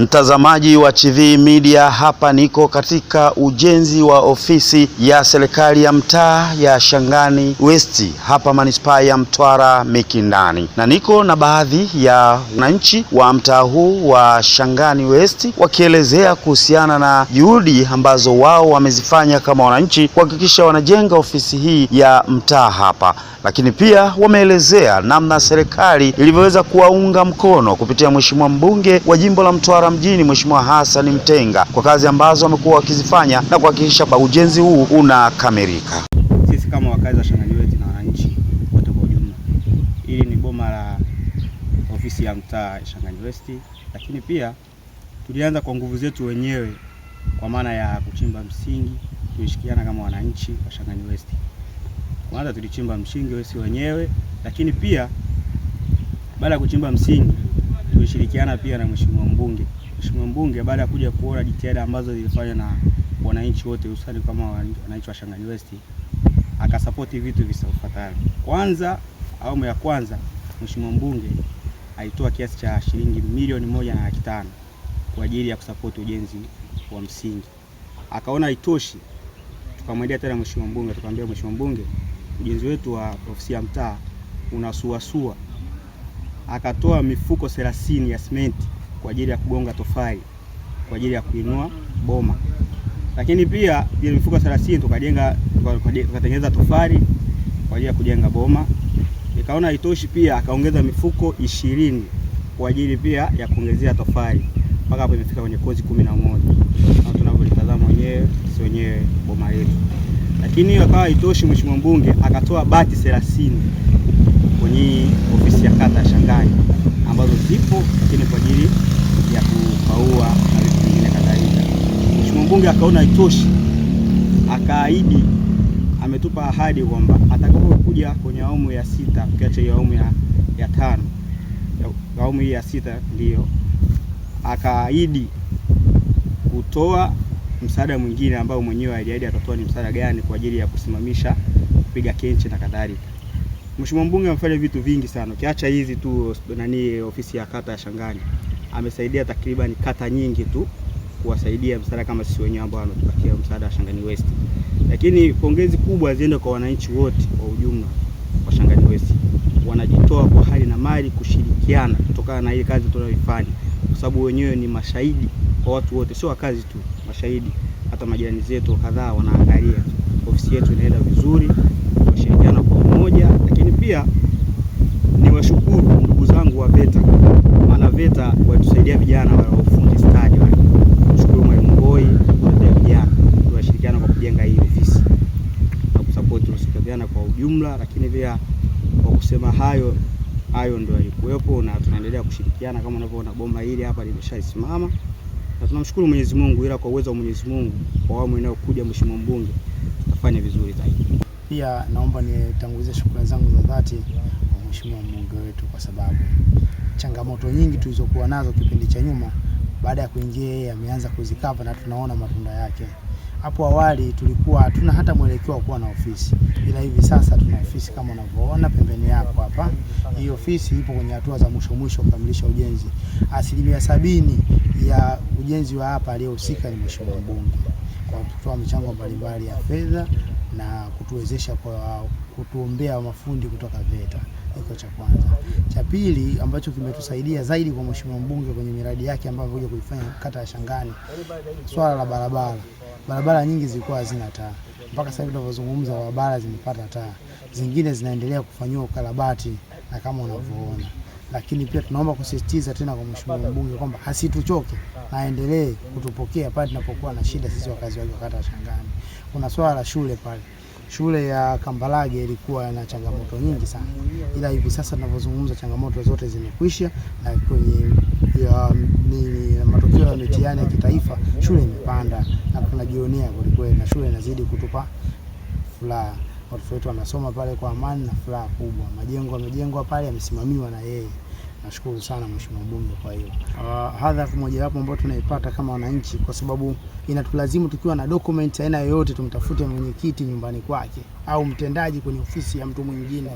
Mtazamaji wa tv Media, hapa niko katika ujenzi wa ofisi ya serikali ya mtaa ya Shangani West hapa manispaa ya Mtwara Mikindani, na niko na baadhi ya wananchi wa mtaa huu wa Shangani West wakielezea kuhusiana na juhudi ambazo wao wamezifanya kama wananchi kuhakikisha wanajenga ofisi hii ya mtaa hapa, lakini pia wameelezea namna serikali ilivyoweza kuwaunga mkono kupitia Mheshimiwa mbunge wa jimbo la Mtwara mjini Mheshimiwa Hassan Mtenga kwa kazi ambazo wamekuwa wakizifanya na kuhakikisha ujenzi huu unakamilika. Sisi kama wakazi wa Shanganyweti na wananchi wote kwa ujumla, hili ni boma la ofisi ya mtaa West, lakini pia tulianza kwa nguvu zetu wenyewe kwa maana ya kuchimba msingi, tulishikiana kama wananchi wa West kwanza tulichimba msingi wesi wenyewe, lakini pia baada ya kuchimba msingi tulishirikiana pia na mheshimiwa mbunge. Mheshimiwa mbunge baada ya kuja kuona jitihada ambazo zilifanywa na wananchi wote, hususani kama wananchi wa Shangani West, akasapoti vitu visafuatavyo. Kwanza, awamu ya kwanza mheshimiwa mbunge alitoa kiasi cha shilingi milioni moja na laki tano kwa ajili ya kusapoti ujenzi wa msingi. Akaona haitoshi, tukamwendea tena mheshimiwa mbunge, tukamwambia mheshimiwa mbunge ujenzi wetu wa ofisi ya mtaa unasuasua, akatoa mifuko thelathini ya simenti kwa ajili ya kugonga tofali kwa ajili ya kuinua boma, lakini pia ile mifuko 30 tukajenga tukatengeneza tofali kwa ajili ya kujenga boma. Nikaona haitoshi, pia akaongeza mifuko ishirini kwa ajili pia ya kuongezea tofali mpaka hapo imefika kwenye kozi kumi na moja, na tunavyolitazama wenyewe si wenyewe boma letu. Lakini hiyo akawa haitoshi, mheshimiwa mbunge akatoa bati 30 kwenye ofisi ya kata ya Shangani ambazo zipo lakini kwa ajili ya kupaua na vitu vingine kadhalika. Mheshimiwa mbunge akaona haitoshi, akaahidi, ametupa ahadi kwamba atakapokuja kwenye awamu ya sita, ukiacha hiyo awamu ya, ya tano, awamu hii ya sita ndiyo akaahidi kutoa msaada mwingine ambao mwenyewe aliahidi atatoa ni msaada gani kwa ajili ya kusimamisha kupiga kenchi na kadhalika. Mheshimiwa mbunge amefanya vitu vingi sana, ukiacha hizi tu nani, ofisi ya kata ya Shangani amesaidia takriban kata nyingi tu kuwasaidia msaada kama sisi wenyewe ambao ametupatia msaada wa Shangani West. Lakini pongezi kubwa ziende kwa wananchi wote kwa ujumla wa Shangani West, wanajitoa kwa hali na mali kushirikiana kutokana na ile kazi tunayoifanya, kwa sababu wenyewe ni mashahidi kwa watu wote, sio wakazi tu, mashahidi, hata majirani zetu kadhaa wanaangalia ofisi yetu inaenda vizuri, tunashirikiana kwa umoja. Lakini pia niwashukuru ndugu zangu wa VETA, maana VETA walitusaidia vijana wa ufundi stadi wale. shukuru mwalimu Ngoi kwa vijana, tunashirikiana kwa kujenga hii ofisi na kusupport, tunashirikiana kwa ujumla, lakini pia kwa kusema hayo hayo ndio yalikuwepo na tunaendelea kushirikiana. Kama unavyoona bomba hili hapa limeshaisimama na tunamshukuru Mwenyezi Mungu, ila kwa uwezo wa Mwenyezi Mungu kwa awamu inayokuja, Mheshimiwa mbunge, tutafanya vizuri zaidi. Pia naomba nitangulize shukrani zangu za dhati kwa Mheshimiwa mbunge wetu kwa sababu changamoto nyingi tulizokuwa nazo kipindi cha nyuma baada ya kuingia yeye ameanza kuzikava na tunaona matunda yake. Hapo awali tulikuwa hatuna hata mwelekeo wa kuwa na ofisi, ila hivi sasa tuna ofisi kama unavyoona pembeni yako hapa. Hii ofisi ipo kwenye hatua za mwisho mwisho kukamilisha ujenzi. Asilimia sabini ya ujenzi wa hapa aliyohusika ni mheshimiwa mbunge kwa kutoa michango mbalimbali ya fedha na kutuwezesha kwa kutuombea mafundi kutoka VETA. Hiko cha kwanza. Cha pili ambacho kimetusaidia zaidi kwa mheshimiwa mbunge kwenye miradi yake ambayo kuja kuifanya kata ya Shangani, swala la barabara. Barabara nyingi zilikuwa hazina taa, mpaka sasa hivi tunavyozungumza barabara zimepata taa, zingine zinaendelea kufanyiwa ukarabati na kama unavyoona, lakini pia tunaomba kusisitiza tena kwa mheshimiwa mbunge kwamba hasituchoke aendelee kutupokea pale tunapokuwa na shida sisi wakazi wa kata Shangani. Kuna swala la shule pale, shule ya Kambarage ilikuwa na changamoto nyingi sana, ila hivi sasa tunavyozungumza changamoto zote zimekwisha, na kwenye ya, nini, matokeo ya mitihani ya kitaifa shule imepanda na tunajionea kwelikweli, na shule inazidi kutupa furaha watoto wetu wanasoma pale kwa amani na furaha kubwa. Majengo yamejengwa pale, yamesimamiwa na yeye. Nashukuru sana Mheshimiwa Mbunge kwa hiyo uh, hadhara mojawapo ambayo tunaipata kama wananchi, kwa sababu inatulazimu tukiwa na document aina yoyote tumtafute mwenyekiti nyumbani kwake au mtendaji kwenye ofisi ya mtu mwingine,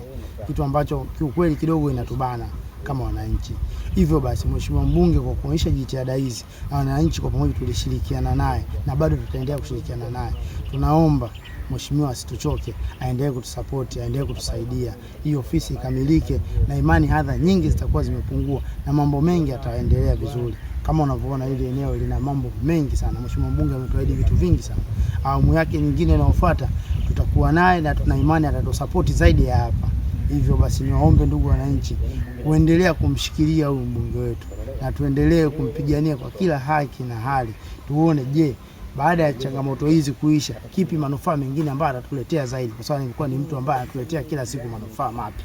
kitu ambacho kiukweli kidogo inatubana kama wananchi. Hivyo basi, Mheshimiwa Mbunge kwa kuonyesha jitihada hizi na wananchi kwa pamoja tulishirikiana naye na bado tutaendelea kushirikiana naye, tunaomba mheshimiwa asituchoke, aendelee kutusapoti, aendelee kutusaidia, hii ofisi ikamilike, na imani hadha nyingi zitakuwa zimepungua na mambo mengi yataendelea vizuri. Kama unavyoona hili eneo lina mambo mengi sana. Mheshimiwa mbunge ametuahidi vitu vingi sana. Awamu yake nyingine inayofuata tutakuwa naye na tuna imani atatusapoti zaidi ya hapa. Hivyo basi, niwaombe ndugu wananchi kuendelea kumshikilia huyu mbunge wetu na tuendelee kumpigania kwa kila haki na hali, tuone je baada ya changamoto hizi kuisha, kipi manufaa mengine ambayo atatuletea zaidi, kwa sababu nilikuwa ni mtu ambaye anatuletea kila siku manufaa mapya.